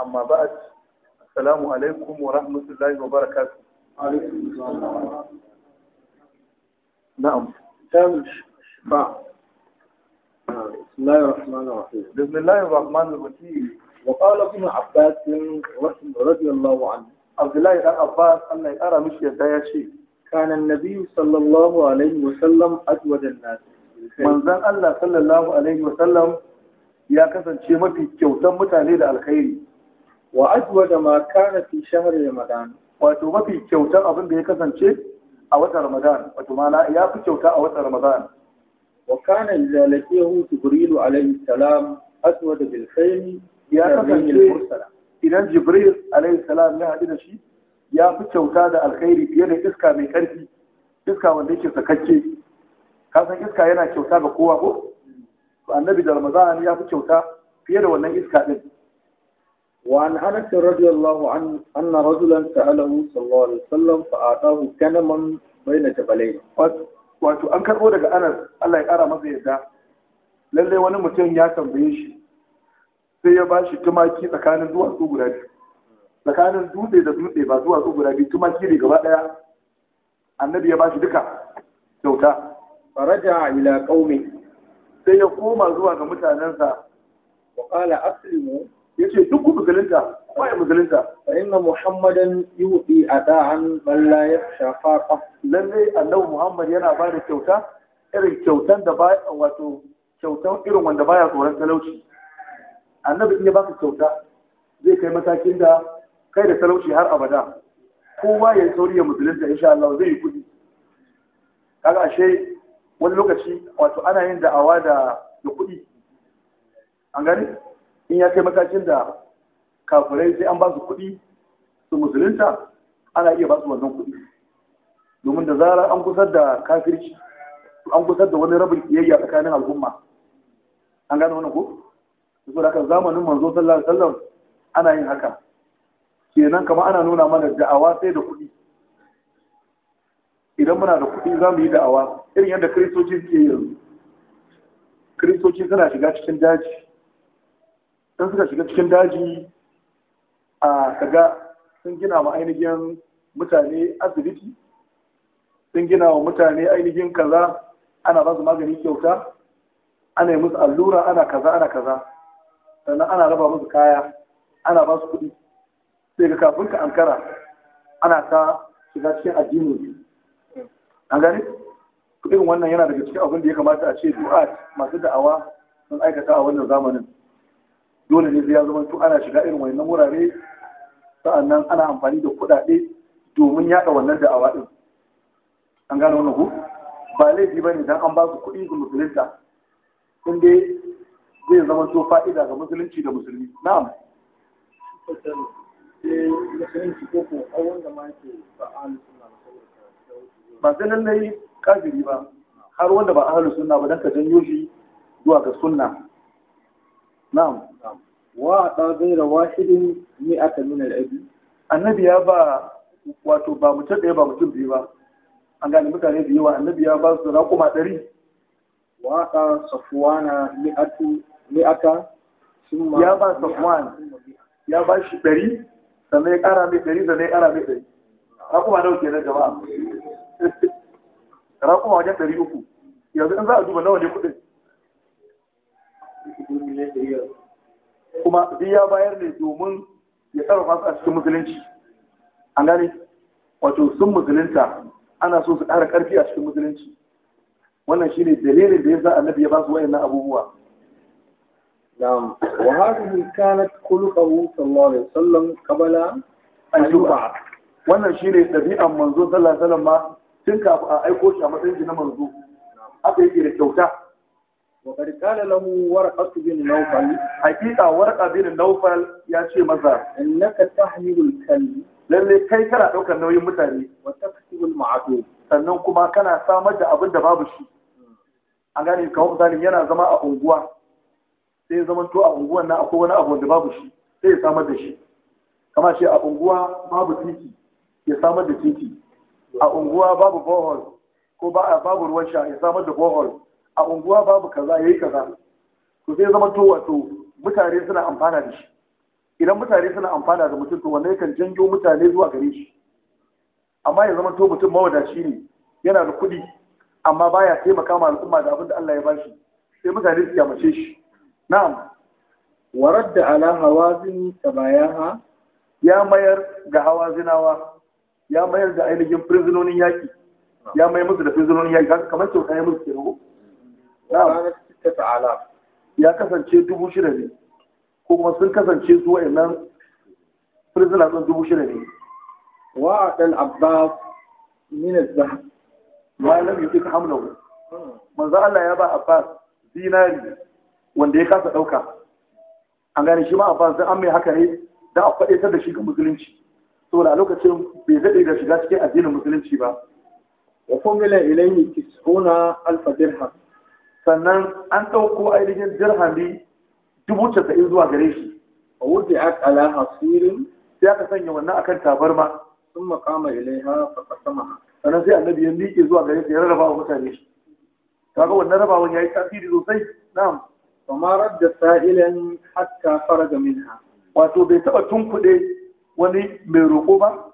أما بعد السلام عليكم ورحمة الله وبركاته عليكم السلام نعم بسم الله الرحمن الرحيم بسم الله الرحمن الرحيم وقال ابن عباس رضي الله عنه عبد الله بن عباس أن أرى مش يدايا شيخ. كان النبي صلى الله عليه وسلم أجود الناس Manzan Allah sallallahu alaihi wasallam ya kasance mafi kyautan mutane da alkhairi wa ajwa da ma kana fi shahar ramadan wato mafi kyautan abin da ya kasance a watan ramadan wato mana ya fi kyauta a watan ramadan wa kana hu Jibrilu alaihi salam aswad da bilkhairi ya kasance idan jibril alaihi salam ya haɗu da shi ya fi kyauta da alkhairi fiye da iska mai ƙarfi iska wanda yake sakakke ka san iska yana kyauta ga kowa ko to annabi da ramadan ya fi kyauta fiye da wannan iska din وعن انس radiyallahu an عنه ان رجلا ساله صلى الله عليه وسلم فاعطاه كنما بين جبلين wato an karbo daga anas Allah ya kara masa yadda lallai wani mutum ya tambaye shi sai ya ba shi tumaki tsakanin duwatsu guda biyu tsakanin dutse da dutse ba duwatsu guda biyu tumaki ne gaba daya annabi ya ba shi duka kyauta faraja ila qaumi sai ya koma zuwa ga mutanensa wa qala aslimu yace duk ku musulunta wai musulunta fa inna muhammadan yuti ada'an man la yakhsha faqa lalle annabi muhammad yana ba da kyauta irin kyautan da ba wato kyautan irin wanda baya tsoron talauci annabi in ya baka kyauta zai kai matakin da kai da talauci har abada kowa ya sauri ya musulunta insha Allah zai yi kudi kaga ashe wani lokaci wato ana yin da'awa da da kuɗi an gani in ya kai matakin da kafirai sai an ba su kuɗi su musulunta ana iya ba su wannan kuɗi domin da zarar an kusar da kafirci an kusar da wani rabin kiyayya tsakanin al'umma an gane wani ko su da kan zamanin manzo sallallahu alaihi wasallam ana yin haka kenan kama ana nuna mana da'awa sai da kuɗi idan muna da kuɗi za mu yi da'awa irin yadda kiristoci suke yanzu kiristoci suna shiga cikin daji don suka shiga cikin daji a kaga sun gina ma ainihin mutane asibiti sun gina wa mutane ainihin kaza ana ba su magani kyauta ana yi musu allura ana kaza ana kaza sannan ana raba musu kaya ana ba su kuɗi sai ga kafin ka ankara ana ta shiga cikin addinin an gane irin wannan yana daga cikin abin da ya kamata a ce du'a masu da'awa sun aikata a wannan zamanin dole ne ya zama tun ana shiga irin wannan wurare sa'annan ana amfani da kuɗaɗe domin yaɗa wannan da'awa din an gane wannan ku ba laifi ba ne dan an ba su kuɗi ga musulunta in dai zai zama to fa'ida ga musulunci da musulmi na'am musulunci ko ko awon da ma ke ba'al ba sai lallai kafiri ba har wanda ba ahlus sunna ba dan ka janyo shi zuwa ga sunna na'am wa da gaira wahidin mi'ata min al-abi annabi ya ba wato ba mutum ɗaya ba mutum biyu ba an gane mutane da yawa annabi ya ba su raƙuma ɗari wa da safwana mi'atu aka? ya ba safwan ya ba shi ɗari sannan ya ƙara mai ɗari sannan ya ƙara mai ɗari raƙuma nawa kenan jama'a kuma wajen ɗari uku yanzu in za a duba nawa ne kuɗin kuma duk ya bayar ne domin ya sarrafa su a cikin musulunci an gane wato sun musulunta ana so su ƙara ƙarfi a cikin musulunci wannan shi ne dalilin da ya sa annabi ya ba su wayannan abubuwa na'am wa hadhihi kanat khuluquhu sallallahu alaihi wasallam qabla an yuba wannan shine ɗabi'an manzo sallallahu alaihi wasallam ma sun kafin a aiko shi a matsayin shi manzo haka yake da kyauta wa qad qala lahu warqa bin nawfal hakika warqa bin nawfal ya ce masa innaka tahmilul kalbi lalle kai kana daukar nauyin mutane wa taksibul ma'atu sannan kuma kana samar da abin da babu shi hmm. a gane kawo zalim yana zama a unguwa sai ya zama to a unguwan nan akwai wani abu da babu shi sai ya samar da shi kama shi a unguwa babu titi ya samar da titi a unguwa babu bohol ko ba a babu ruwan sha ya samar da bohol a unguwa babu kaza yayi kaza to sai zama to wato mutane suna amfana da shi idan mutane suna amfana da mutum to wanda yakan janjo mutane zuwa gare shi amma ya zama to mutum mawadaci ne yana da kuɗi amma baya taimaka ma al'umma da abin da Allah ya ba bashi sai mutane su kyamace shi na'am warar da ala hawazin tabayaha ya mayar ga zinawa. ya mayar da ainihin prisonin yaƙi ya mai musu da prisonin yaƙi kamar kyauta ya musu kero ya kasance dubu shida ne ko kuma sun kasance su wa'annan prisoner ɗin dubu shida ne wa a ɗan abbas min az-zahab ma lam hamna hamlahu manzan Allah ya ba abbas zinari wanda ya kasa ɗauka an gane shi ma abbas don an mai haka ne da a faɗe ta da shi ga musulunci saboda a lokacin bai daɗe da shiga cikin addinin musulunci ba wa kumila ilayhi tis'una alf dirham sannan an ɗauko ainihin dirhami dubu casa'in zuwa gare shi a wuce a ala hasirin sai aka sanya wannan akan tabarma sun makama ilaiha fa qasama sannan sai annabi ya miƙe zuwa gare shi ya rarraba wa mutane shi kaga wannan rabawan yayi tasiri sosai na'am fa ma radda sa'ilan hatta faraga minha wato bai taba tunkuɗe wani mai roƙo ba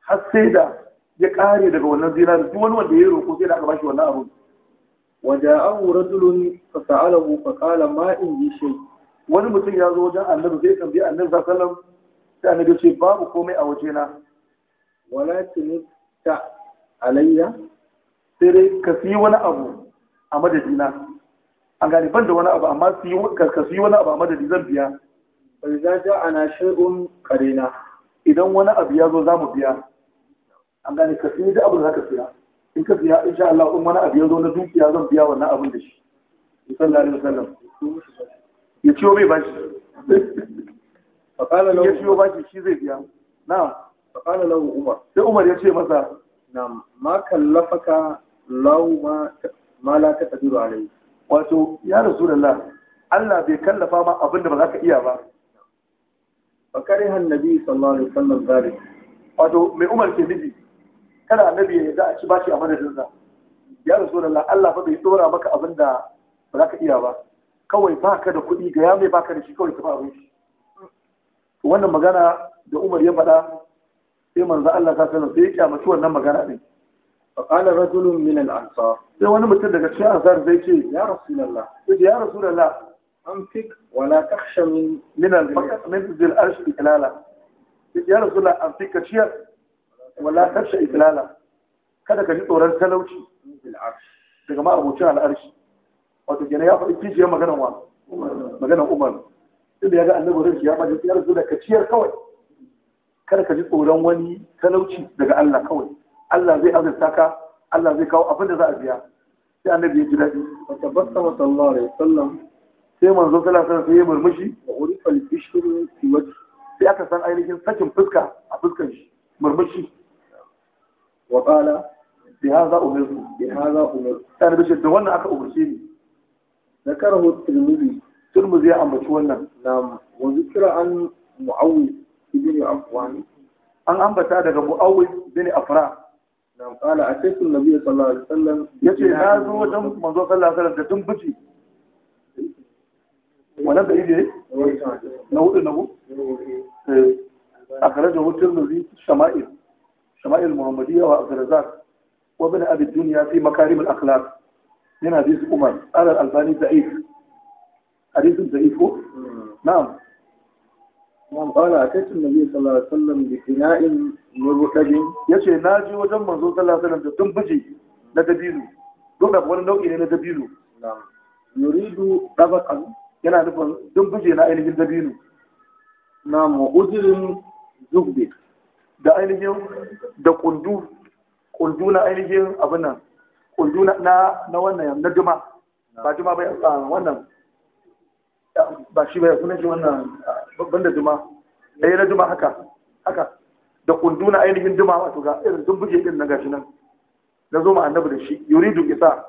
har sai da ya ƙare daga wannan zinari duk wani wanda ya roƙo sai da aka bashi wannan abu wura dulun fa sa'alahu fa qala ma in yi shay wani mutum ya zo wajen annabi zai tambayi annabi sallallahu alaihi wasallam sai annabi ce babu komai a waje na walakin ta alayya sai dai ka fi wani abu a madadina an gane ban da wani abu amma ka fi wani abu a madadi zan biya fa idza ja'ana shay'un qarina idan wani abu ya zo za mu biya an gane ka sai da abin da ka siya in ka siya insha Allah in wani abu ya zo na dukiya zan biya wannan abin da shi sallallahu alaihi wasallam ya ciwo bai bashi faqala lahu ya ciwo bashi shi zai biya na'am faqala lahu umar sai umar ya ce masa na'am ma kallafaka lahu ma ma la taqdiru alai wato ya rasulullah Allah bai kallafa ma abin da ba za ka iya ba fa kariha annabi sallallahu alaihi wasallam zalik wato mai umar ke nufi kada annabi ya yarda a ci bashi a madadin sa ya rasulullah Allah bai dora maka abin ba za ka iya ba kawai baka da kuɗi ga mai baka da kawai ka ba abin shi wannan magana da Umar ya faɗa sai manzo Allah ta sanar sai ya kyamaci wannan magana din فقال رجل من الأنصار sai wani mutum daga cikin ansar zai ce ya rasulullah sai ya amsik wala takhsha min min al-faqr min dhil arsh iklala ya rasulullah amsik ka ciyar wala takhsha iklala kada ka ji tsoron talauci daga ma'abucin al'arshi wato gina ya faɗi kijiyar maganan wa maganan umar inda ya ga annabi rinsu ya majalisa ya kaciyar kawai kada ka ji tsoron wani talauci daga Allah kawai Allah zai azurta ka Allah zai kawo abin da za a biya sai annabi ya ji daɗi wa tabbata wa sallallahu alaihi wasallam sai manzo kala alaihi sai ya murmushi wa urifa al-bishru fi wajhi sai aka san ainihin sakin fuska a fuskan shi murmushi wa qala bi hadha umirtu bi hadha umirtu sai bishir da wannan aka umarce ni zakarahu tirmidhi tirmidhi ya ambaci wannan na'am wa zikra an muawwid ibn afwan an ambata daga muawwid ibn afra na'am qala ataytu an-nabiy sallallahu alaihi wasallam yace na zo wajen manzo sallallahu alaihi wasallam da tumbuci wannan da ide na hudu na hudu eh. a kare da hutun nuri shama'il shama'il muhammadiyya wa abdurazak wa bin abin duniya fi makarim al-akhlaq yana su umar alal albani da'if hadisin da'if ko na'am man a atatu nabi sallallahu alaihi wasallam bi Ya ce yace ji wajen manzo sallallahu alaihi wasallam da tumbuji na dabino dole wani nau'i ne na dabino na'am yuridu tabaqan yana nufin buje na ainihin dabino na ma'udirin zubbe da ainihin da kundu kundu na ainihin abin nan kundu na na wannan na juma ba juma bai wannan ba shi bai sunan shi wannan banda juma ɗaya eh, na juma haka haka da kundu na ainihin juma wato ga irin buje din na gashi nan na zo ma annabi da shi yuridu isa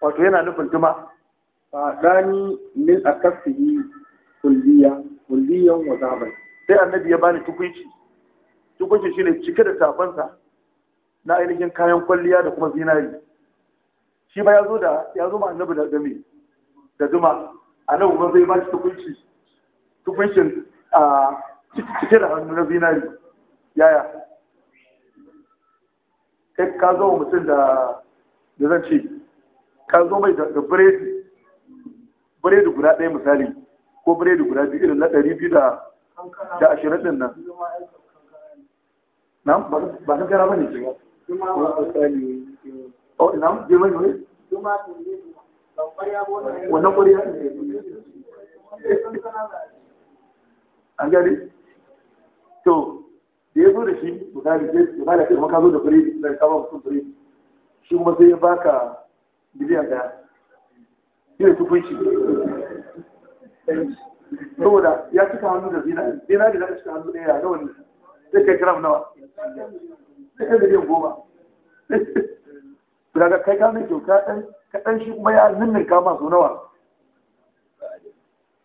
wato yana nufin juma fadani min akasihi kulliya kulliyan wa zaban sai annabi ya bani tukunci shi shine cike da tafansa na ainihin kayan kwalliya da kuma zinari shi ba ya zo da ya zo ma annabi da game da zuma annabi ba zai ba shi tukuici tukuicin a cike da hannu na zinari yaya kai ka zo mutum da da zan ce ka zo mai da biredi biredi guda ɗaya misali ko biredi guda biyu irin na ɗari biyu da da ashirin ɗin nan na ba kan kara bane ce oh, o ina je mai ne wannan ƙwariya an gani to da ya zo da shi misali ya ba da kai kuma ka zo da biredi da ka ba mutum biredi shi kuma sai ya baka miliyan ɗaya shi ne saboda ya cika hannu da zina zinari da cika hannu ɗaya na wani zai kai gram nawa zai kai miliyan goma ga kai ka kyau ka ɗan shi kuma ya ninnin kama so nawa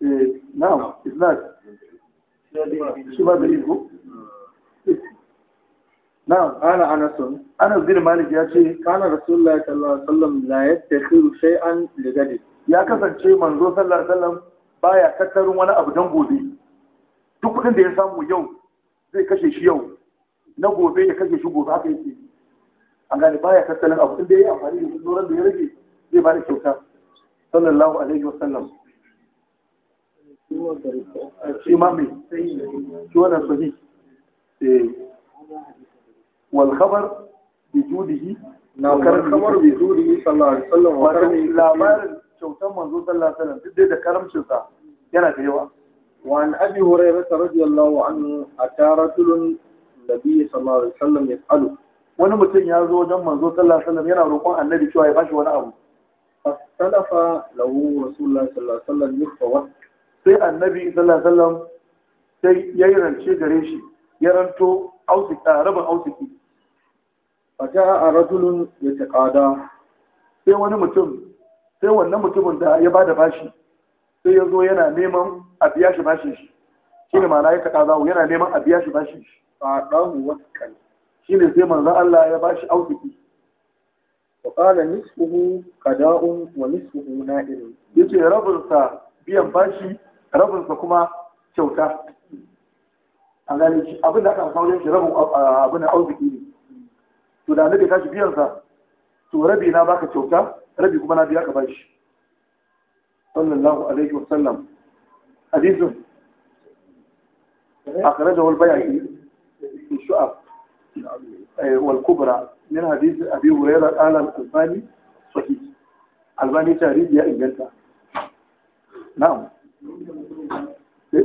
eh, na'am isnad shi ba da iko نعم قال انس انس بن مالك يا شيخ قال رسول الله صلى الله عليه وسلم لا يدخر شيئا ya kasance manzo sallallahu alaihi wasallam baya tattarin wani abu dan gobe duk kudin da ya samu yau zai kashe shi yau na gobe ya kashe shi gobe haka yake an gane baya tattalin abu inda ya amfani da tsoron da ya rage zai ba da kyauta sallallahu alaihi wasallam shi ma mai shi wannan sahi eh. wal khabar bi judihi na kar khabar bi judihi sallallahu alaihi wasallam labarin kyautan manzo sallallahu alaihi wasallam duk da karamcin sa yana da yawa wa an abi رضي الله anhu أتى nabi sallallahu alaihi wasallam عليه وسلم wani mutum ya zo wajen manzo sallallahu alaihi wasallam yana roƙon annabi cewa ya bashi wani abu fastalafa lahu rasulullahi sallallahu alaihi wasallam yufawa sai annabi sallallahu alaihi wasallam sai ya yi rance gare shi ya ranto ausika rabin ausiki fata a rajulun ya sai wani mutum sai wannan mutumin da ya bada bashi sai ya zo yana neman a biya shi bashin shi shi ne ma'ana ya kaɗa zawo yana neman a biya shi bashin shi a ɗahu wasu kai. shi ne sai manzan Allah ya bashi auziki wa ƙala nisfuhu qada'un wa nisfuhu Ya ce rabinsa biyan bashi rabinsa kuma kyauta a gane shi abin da aka saurin shi rabin abin auziki ne to da ne da kashi biyan sa to rabi na baka kyauta rabi kuma na biya ka bashi sallallahu alaihi wasallam hadisun eh? akhrajahu wal bayhaqi fi shu'ab eh, wal-kubra min hadith abi hurairah qala al-albani sahih albani tarikh ya inganta na'am eh?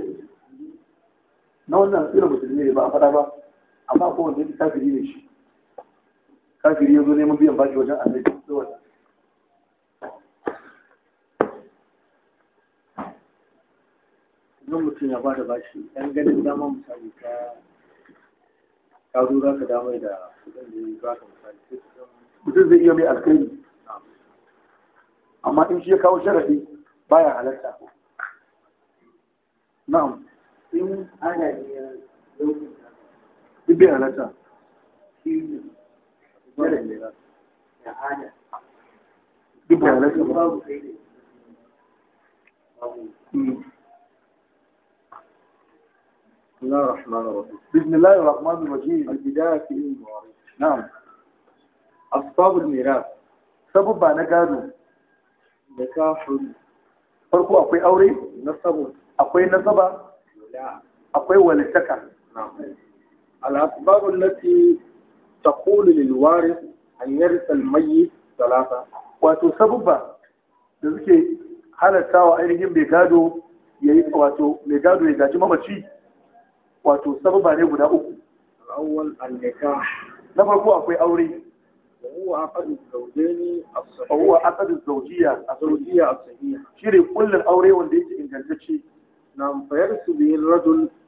na wannan irin musulmi ne ba a faɗa ba amma kowanne kafiri ne shi kafiri ya zo neman biyan bashi wajen annabi saboda nan mutum ya ba da bashi ɗan ganin dama misali ka ka za ka damai da kuɗin da ya ba ka misali mutum zai iya mai alkhairi amma in shi ya kawo sharaɗi baya halatta na'am in ana iya in bai halatta duk bai halatta بسم الله الرحمن الرحيم بسم الله الرحمن الرحيم البداية في المواريث نعم أسباب الميراث سبب أنا قالوا نكاح فرقوا farko akwai aure akwai nasaba akwai walittaka الأسباب التي تقول للوارث أن يرث الميت ثلاثة wato sabubba da suke halattawa ainihin mai gado ya yi wato mai gado ya gaji mamaci wato sababa ne guda uku. Na farko akwai aure. Wuwa a kan zaujiya a sahiya. Shi ne kullum aure wanda yake ingantacce. Na fayar su bi yin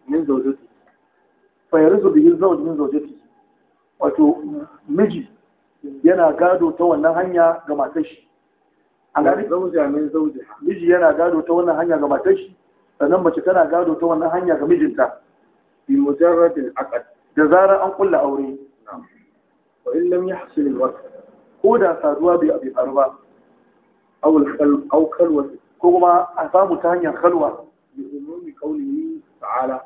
min zaujati. Fayar su bi yin zaujul min zaujati. Wato miji yana gado ta wannan hanya ga matashi. A gari? Zaujiya min zaujiya. Miji yana gado ta wannan hanya ga matashi, shi. Sannan mace tana gado ta wannan hanya ga mijinta. bi mujarrad al-aqd da zarar an kulla aure wa in lam yahsil al-waqt ko da saduwa bai abi faru ba aw al-khalw aw khalwa ko kuma a samu ta hanyar khalwa bi umumi qawlihi ta'ala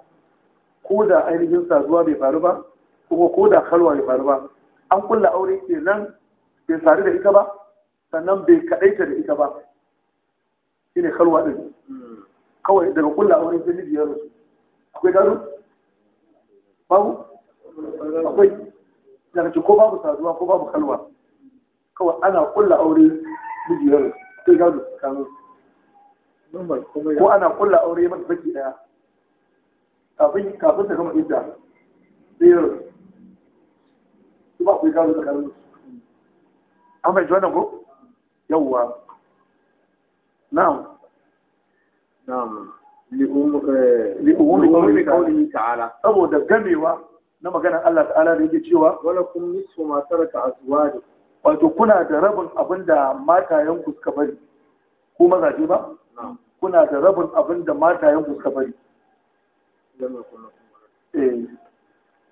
ko da ainihin saduwa bai faru ba kuma ko da kalwa bai faru ba an kulla aure ke nan ke sadu da ita ba sannan bai kadaita da ita ba shine kalwa din hmm. kawai daga kulla aure sai ya rasu akwai gado babu akwai daga ko babu saduwa ko babu kalwa kawai ana kulla aure mijiyar sai gado kano ko ana kulla aure mai baki daya kafin kafin ta gama idda sai yaro su ba ku gado tsakanin an fahimci wannan ko yawwa na'am na'am li'umumi qawlihi ta'ala saboda gamewa na maganar Allah ta'ala da yake cewa wala kun nisfu ma taraka azwaji wato kuna da rabin abin da matayen ku suka bari ku mazaje ba kuna da rabin abin da matayen ku suka bari eh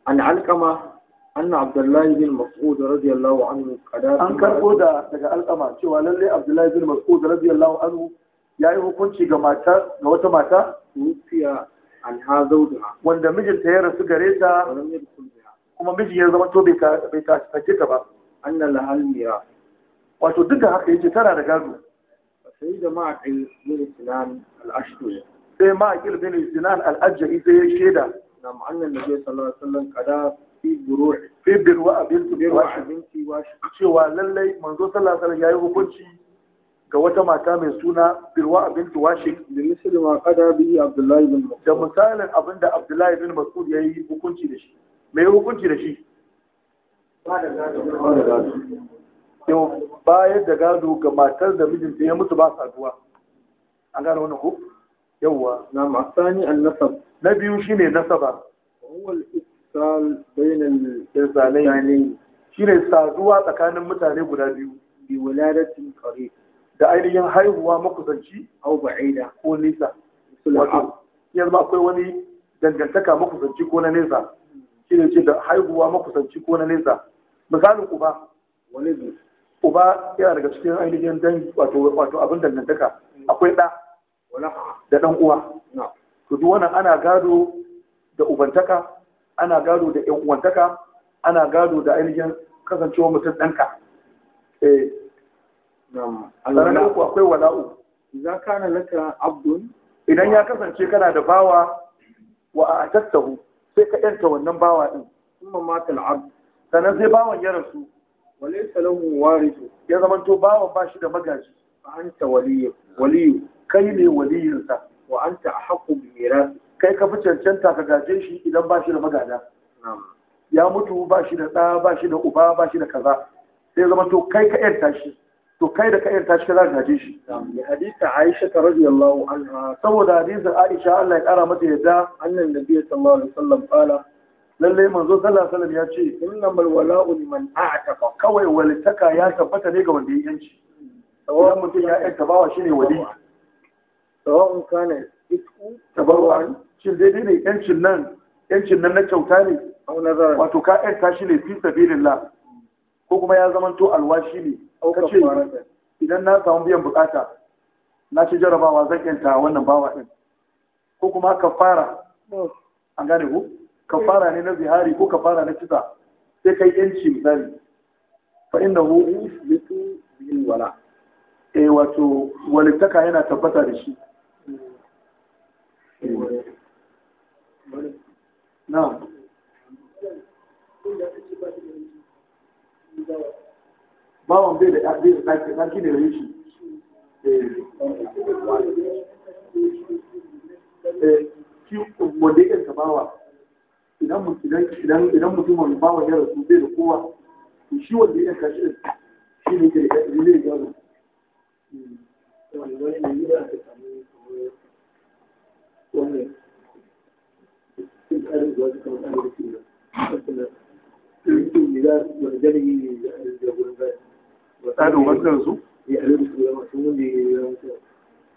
an alqama anna abdullahi bin mas'ud radiyallahu anhu qada an karbo da daga alqama cewa lalle abdullahi bin mas'ud radiyallahu anhu ya yi hukunci ga mata ga wata mata mutiya an ha zauduha wanda mijinta ya rasu gare ta kuma miji ya zama to bai ka take ta ba annal lahal wato duk da haka yace tara da gado sai da ma'aqil bin sinan al-ashdur sai ma'aqil bin sinan al-ajri sai ya sheda na annan nabi sallallahu alaihi wasallam kada fi burur fi birwa binti wa binti wa cewa lallai manzo sallallahu alaihi wasallam yayi hukunci ga wata mata mai suna Birwa bintu washe. da misali ma kada bi Abdullahi bin Mas'ud da misalin abin da Abdullahi bin Mas'ud yi hukunci da shi me hukunci da shi yau bayar da gado ga matar da mijinta ya mutu ba saduwa an gane wannan ko yawwa na masani an nasa. na biyu shine nasaba huwa al-ittisal bayna shine saduwa tsakanin mutane guda biyu bi wiladatin qarib da ainihin haihuwa makusanci au ba'ida ko nisa wato yanzu ma akwai wani dangantaka makusanci ko na nesa shi ne ce da haihuwa makusanci ko na nesa misalin uba wani uba yana daga cikin ainihin dangi wato abin dangantaka akwai ɗa da ɗan uwa to duk wannan ana gado da ubantaka ana gado da ƴan uwantaka ana gado da ainihin kasancewar mutum ɗanka eh Sannan uku akwai wala'u. Za ka kana laka abdun. Idan ya kasance kana da bawa wa a tattahu sai ka yanta wannan bawa din. Kuma mata al'abd. Sannan zai bawan ya rasu. Walaysa lahu warithu. Ya zamanto bawan ba shi da magaji. Fa anta waliyyu. Waliyyu. Kai ne waliyinsa. Wa anta ahqqu bi mirathi. Kai ka fi cancanta ka gaje shi idan ba shi da magada. Ya mutu ba shi da ɗa ba shi da uba ba shi da kaza. Sai zama to kai ka yanta shi. to kai da kayan tashi kaza ka haje shi ya hadisa Aisha ta radiyallahu anha saboda hadisin Aisha Allah ya kara mata yadda annan nabi sallallahu alaihi wasallam qala lalle manzo sallallahu alaihi wasallam ya ce innamal wala'u liman a'taqa kawai walitaka ya tabbata ne ga wanda ya yanci sawa'un mutum ya yanka bawa shine wali sawa'un kana isku tabarwan shin dai-dai ne yancin nan yancin nan na kyauta ne wato ka yanka shi ne fi sabilillah ko kuma ya zamanto alwashi ne ka ce idan na samu biyan bukata na ci jarabawa zan yanta wannan bawa din ko kuma ka fara an gane ku ka fara ne na zihari ko ka fara na kisa sai kai yanci misali fa hu yusbitu bil wala eh wato walittaka yana tabbata da shi na'am bawan bai da ɗaki ɗaki ne da shi eh, eh, wanda ya ƙarfa bawa idan mutumin bawa ya rasu bai da kowa shi wanda ya shi ne ke da ne zai suka rasu eh,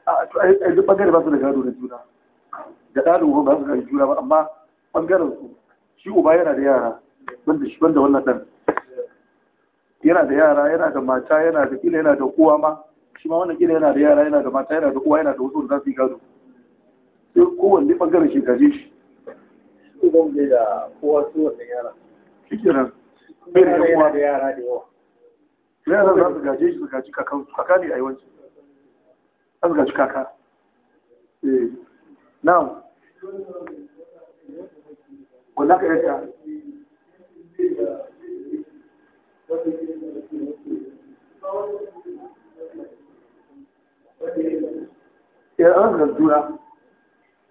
a duk bangare ba su da gado da juna da ɗalin ba su da juna ba amma bangaren su shi uba yana da yara banda shi banda wannan ɗan yana da yara yana da mata yana da kila yana da uwa ma shi ma wannan kila yana da yara yana da mata yana da uwa yana da wasu da za su yi gado sai kowanne bangaren shi gaje shi uban da kowa su wannan yara shi kenan bai da yara da yawa yaran za su gaje shi su gaji kakan kaka ne a yawanci za su gaji kaka eh. na'am wanda ka yarda ya eh, an ga juna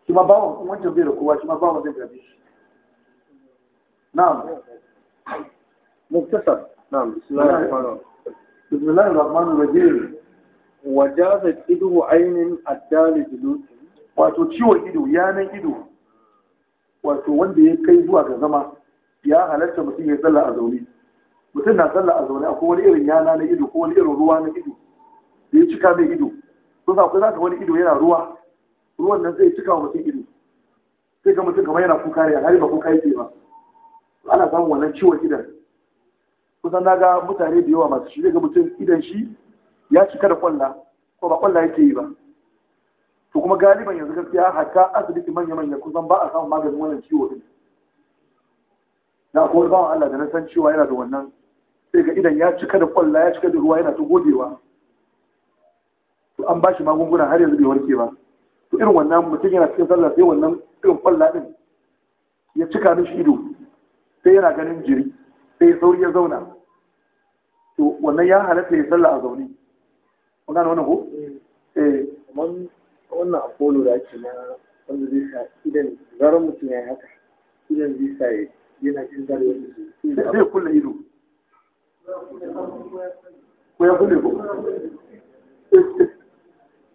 shi ma bawon wancan bai da kowa shi ma bawon zai gabe shi na'am muktasar na'am bismillahir rahmanir rahim بسم الله الرحمن الرحيم وجاز إدو عين الدال جلوس wato ciwon ido yanan ido wato wanda ya kai zuwa ga zama ya halatta mutum ya tsalla a zaune mutum na tsalla a zaune akwai wani irin yana na ido ko wani irin ruwa na ido da ya cika mai ido to za zaka wani ido yana ruwa ruwan nan zai cika wa mutum ido sai ga mutum kamar yana kuka ne har ba kuka yake ba ana samun wannan ciwon idan kusan na ga mutane da yawa masu shi ga mutum idan shi ya cika da kwalla ko ba kwalla yake yi ba to kuma galiban yanzu gaskiya haka asibiti manya-manya kusan ba a samun maganin wannan ciwo din na kowar bawan Allah da na san cewa yana da wannan sai ga idan ya cika da kwalla ya cika da ruwa yana ta godewa to an ba shi magunguna har yanzu bai warke ba to irin wannan mutum yana cikin sallah sai wannan irin kwalla din ya cika mishi ido sai yana ganin jiri sai sauri ya zauna to wannan ya halatta ya sallah a zaune kuna da wannan ko eh, eh. mun wannan apollo da ake na wanda zai sa idan zarar mutum ya haka idan zai sa yana jin zarewa da zai kulle ido ko ya kulle ko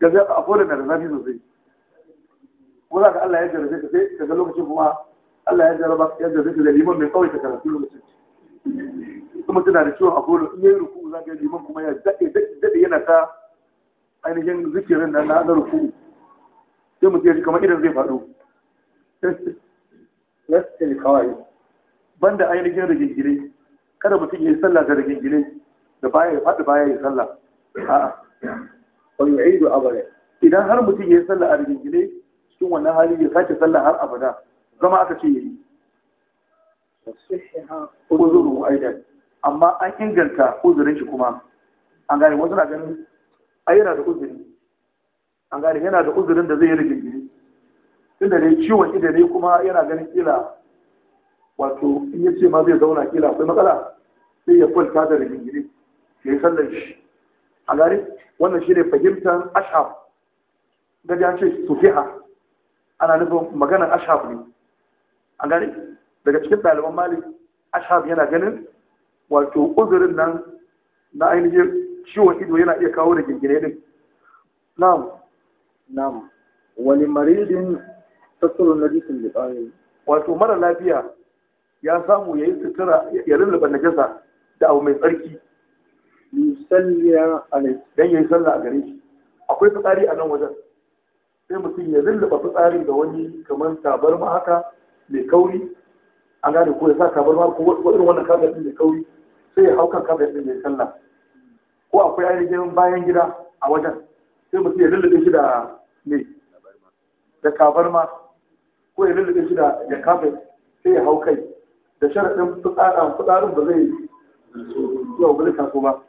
Ka ga apollo na da zafi sosai ko za ka Allah ya jarabe ka sai ka ga lokacin kuma Allah ya jaraba ya jarabe ka da liman mai kawai ta karatu lokacin kuma tana da ciwon a goro yin yayi ruku za ga liman kuma ya daɗe yana ta ainihin zikirin nan na ruku sai mutum ya ji kamar idan zai faɗo lastin kawai banda ainihin rigingire kada mutum ya yi sallah da rigingire da baya ya faɗi baya ya sallah a'a wa yu'idu abada idan har mutum ya yi sallah a rigingire cikin wannan hali ya sake sallah har abada zama aka ce yi uzuru aidan amma an inganta uzurin shi kuma an gane wasu na ganin ai yana da uzuri an gane yana da uzurin da zai yi rigingiri tunda ne ciwon ido ne kuma yana ganin kila wato in ya ce ma zai zauna kila akwai matsala sai ya kwanta da rigingiri ya yi sallar shi a gane wannan shi ne fahimtar ashab gaji an ce sufiha ana nufin maganar ashab ne a gane daga cikin ɗaliban malik ashab yana ganin wato uzurin nan na ainihin ciwon ido yana iya kawo da gingire din na'am na'am wani maridin tattalin na jikin tsari wato mara lafiya ya samu ya yi sutura ya lullaba najasa da abu mai tsarki ne, don ya yi sallah a gare shi akwai fitsari a nan wajen sai mutum ya lullaba fitsari da wani kamar tabarma haka mai kauri an gane ko ya sa kabar ma ko irin wannan kafet din da kauri sai ya hau kan kafet din da sallah ko akwai ainihin bayan gida a wajen sai mutum ya lullube shi da me. da kabar ma ko ya lullube shi da kabe sai ya hau kai da sharaɗin fitsarin ba zai yau ba zai taso ba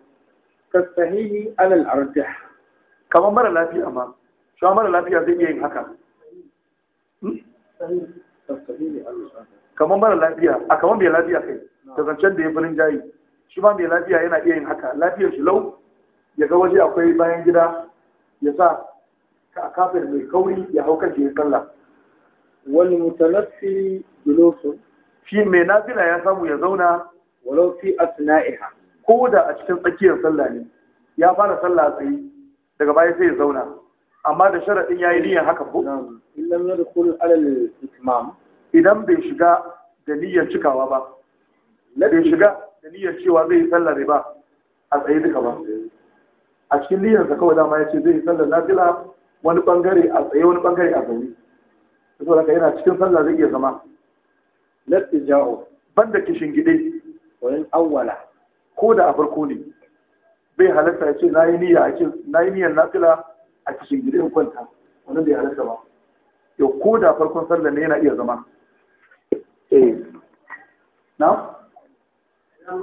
kasahihi alal arjih kamar mara lafiya ma shi mara lafiya zai iya yin haka hmm? kamar mara lafiya a kamar mai lafiya kai ta zancen da ya farin jayi shi ma mai lafiya yana iya yin haka lafiyar shi lau ya ga waje akwai bayan gida ya sa a kafin mai kauri ya hau kan ya kalla. wani mutanaffi julusu shi mai nafila ya samu ya zauna walau fi asna'iha ko da a cikin tsakiyar sallah ne ya fara sallah tsaye daga baya sai ya zauna amma da sharaɗin ya yi niyyar haka ko illam alal itmam idan bai shiga da niyyar cikawa ba bai shiga da niyyar cewa zai yi sallar riba a tsaye duka ba a cikin niyyarsa kawai dama ya ce zai yi sallar nafila wani bangare a tsaye wani bangare a zaune saboda haka yana cikin sallar zai iya zama lati ban banda kishin gide wani awwala ko da a farko ne bai halatta ya ce na yi niyya a na yi niyyar nafila a kishin gide in kwanta wani bai halatta ba yau ko da farkon sallar ne yana iya zama eh na sai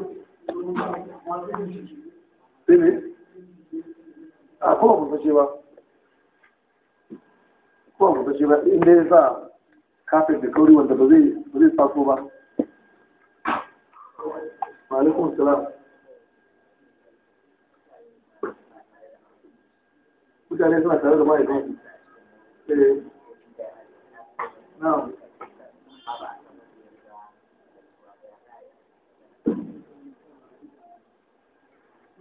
ne a kuma ba fashe ba kuma ba fashe ba inda ya sa kafin da kauri wanda ba zai ba zai taso ba ma'alaikun salam mutane suna tare da ma'aikatan eh na'am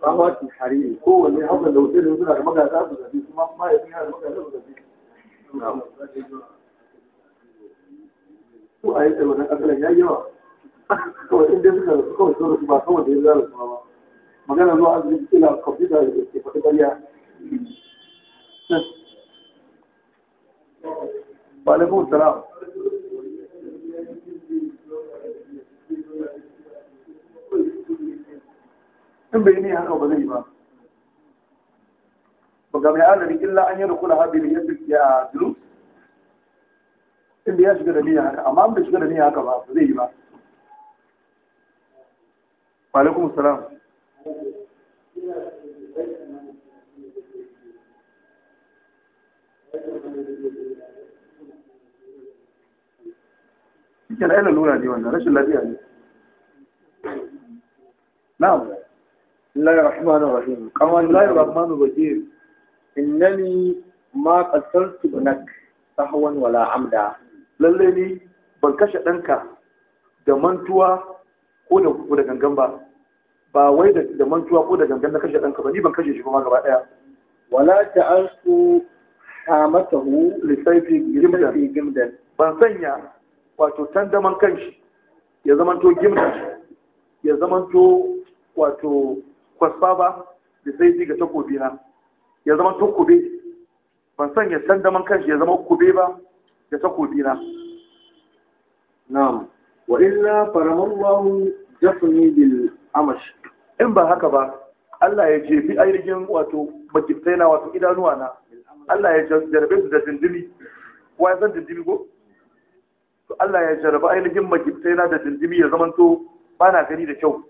tsawatin hariri kowanne hausa da hotel da suna da magasa su zabi kuma ma ya suna da magasa su zabi ko a yi tsaye kasalan ya yi yawa kawai in dai suka kawai sauran su ba kawai da ya zara su ba magana zuwa asibiti kila kwamfuta da ke faɗi ƙarya ba alaikum salam in bai ne haka ba zai ba ba ga mai adari illa an yi da kula habi ya a dulu inda ya shiga da niyya haka amma bai shiga da niyya haka ba ba zai yi ba wa alaikum salam Shi ke na lalura ne wannan rashin lafiya ne. Na'am. بسم الله الرحمن الرحيم بسم الله الرحمن الرحيم إنني ما قتلت ابنك سهوا ولا عمدا lallai ni ban kashe ɗanka da mantuwa ko da gangan ba ba wai da mantuwa ko da gangan na kashe ɗanka ba ni ban kashe shi kuma gaba ɗaya wala ta'asu ban sanya wato ya zamanto gimdan ya wato kwasfa ba da sai ji ga takobi na ya zama takube ban san ya san daman kanshi ya zama kube ba da takobi na na'am wa illa faramallahu jafni bil amash in ba haka ba Allah ya jefi ainihin wato makiftai na wato idanuwa na Allah ya jarabe su da dindimi kowa ya san dindimi ko to Allah ya jarabe ainihin makiftai na da dindimi ya zamanto ba na gani da kyau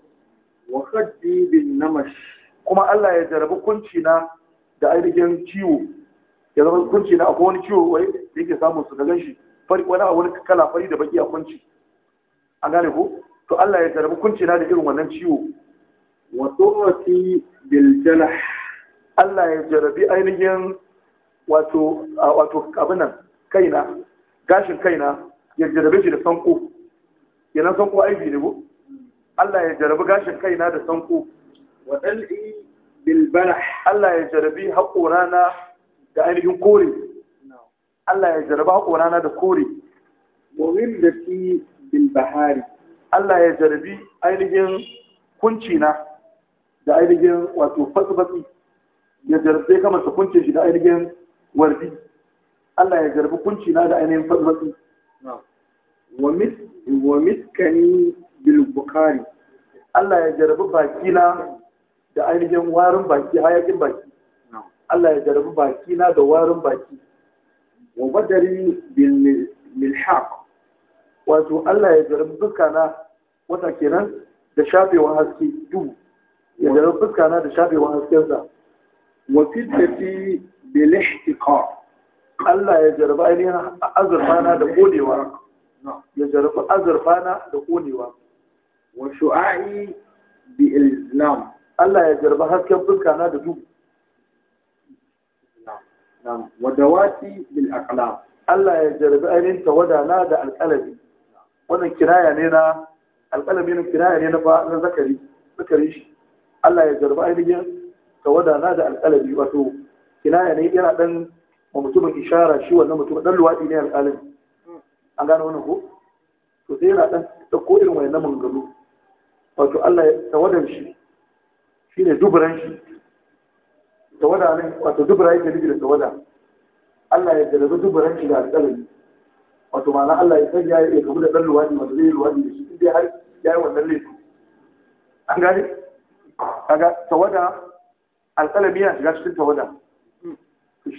wa khaddi bin namash kuma Allah ya jarabi kunci na da ainihin ciwo ya zama kunci na akwai wani ciwo wai da yake samun su gan shi fari wani a wani kala fari da baki a kunci A gane ko to Allah ya jarabi kunci na da irin wannan ciwo wa tuwati bil jalah Allah ya jarabi ainihin wato wato abin nan kaina gashin kaina ya jarabe shi da sanko yana sanko aibi ne ko Allah ya jarabi gashin kaina da sanko wa dal'i bil barah Allah ya jarabi haƙorana da ainihin kore Allah ya jarabi haƙorana da kore wa wildati bil bahari Allah ya jarabi ainihin kuncina da ainihin wato fatsi-fatsi ya jarabi kama su kunce shi da ainihin wardi Allah ya jarabi kuncina da ainihin fatsi-fatsi wa kani. bil bukari Allah ya jarabi bakina da ainihin warin baki hayakin baki Allah ya jarabi bakina da warin baki wa badari bil milhaq wato Allah ya jarabi fuskana wata kenan da shafewa haske du ya jarabi fuskana da shafewa haskensa wa fitati bil ihtiqar Allah ya jarabi ainihin azurfana da kodewa ya jarabi azurfana da kodewa wa shu'a'i bi islam Allah ya jarba hasken fuska na da duhu na'am wa dawati bil aqlam Allah ya jarbi ainihin tawada na da alƙalami wannan kiraya ne na alƙalami ne kiraya ne na na zakari zakari shi Allah ya jarbi ainihin tawada na da alƙalami wato kiraya ne yana dan ma mutumin ishara shi wannan mutum dan luwaɗi ne alƙalami an gano wannan ko to sai yana dan ko irin wayannan mangalo wato Allah ya tawadar shi shi ne duburan shi tawada ne wato dubura yake nufi da tawada Allah ya jarabi duburan shi da alƙalami wato ma'ana Allah ya sanya ya kamu da ɗan luwadi wato zai yi luwadi da shi inda har ya yi wannan laifin an gane kaga tawada alƙalami yana shiga cikin tawada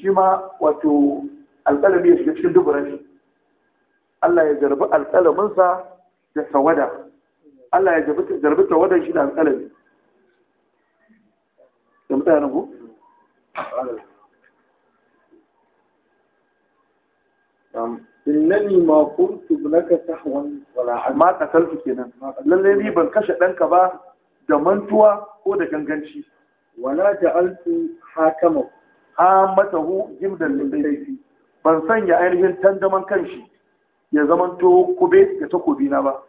shi ma wato alƙalami ya shiga cikin duburan shi Allah ya jarabi alƙalaminsa da tawada Allah ya jarbi tawadan shi da alƙalami da mutanen ku? innani ma kuntu laka sahwan wala ma qataltu kenan lalle ni ban kashe danka ba da mantuwa ko da ganganci wala ja'altu hakama hamatahu jimdan lil ban sanya ainihin tandaman kanshi ya zamanto kube da takobi na ba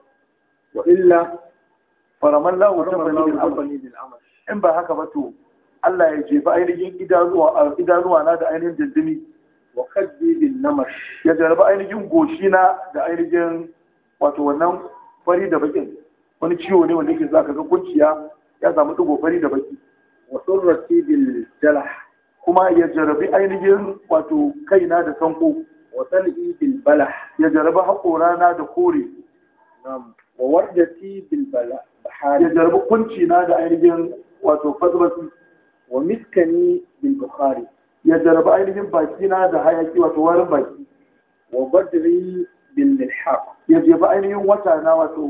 wa illa faraman lahu tamfani bil amal in ba haka ba to Allah ya jefa ainihin idanuwa idanuwa na da ainihin dindini wa kaddi bil namar. ya jarabi ainihin goshi na da ainihin wato wannan fari da bakin wani ciwo ne wanda yake zaka ga kunciya ya samu dugo fari da baki wa surrati bil jalah kuma ya jarabi ainihin wato kaina da sanko wa tal'i bil bala. ya jaraba haƙorana da kore na'am wa wardati bil bala bahari da jarbu na da ainihin wato fasbasi wa miskani bil bukhari ya jarbu ainihin baki na da hayaki wato warin baki wa badri bil milhaq ya jarbu ainihin wata na wato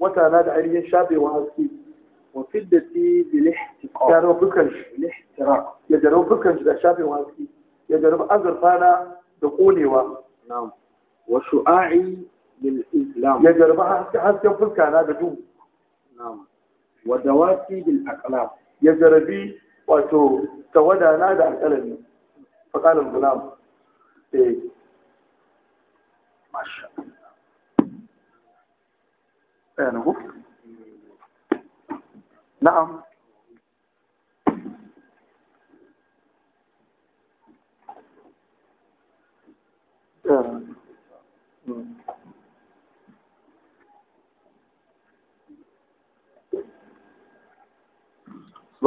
wata na da ainihin shafewa haske wa fiddati bil ihtiqaq ya jarbu fukan shi ihtiraq ya jarbu fukan shi da shafewa haske ya jarbu azurfana da konewa na'am wa shu'a'i ya jarba hasken fuska na da duhu wa dawaki bil aqlam jarabi wato tawada na da alƙalami faƙalin gulam eh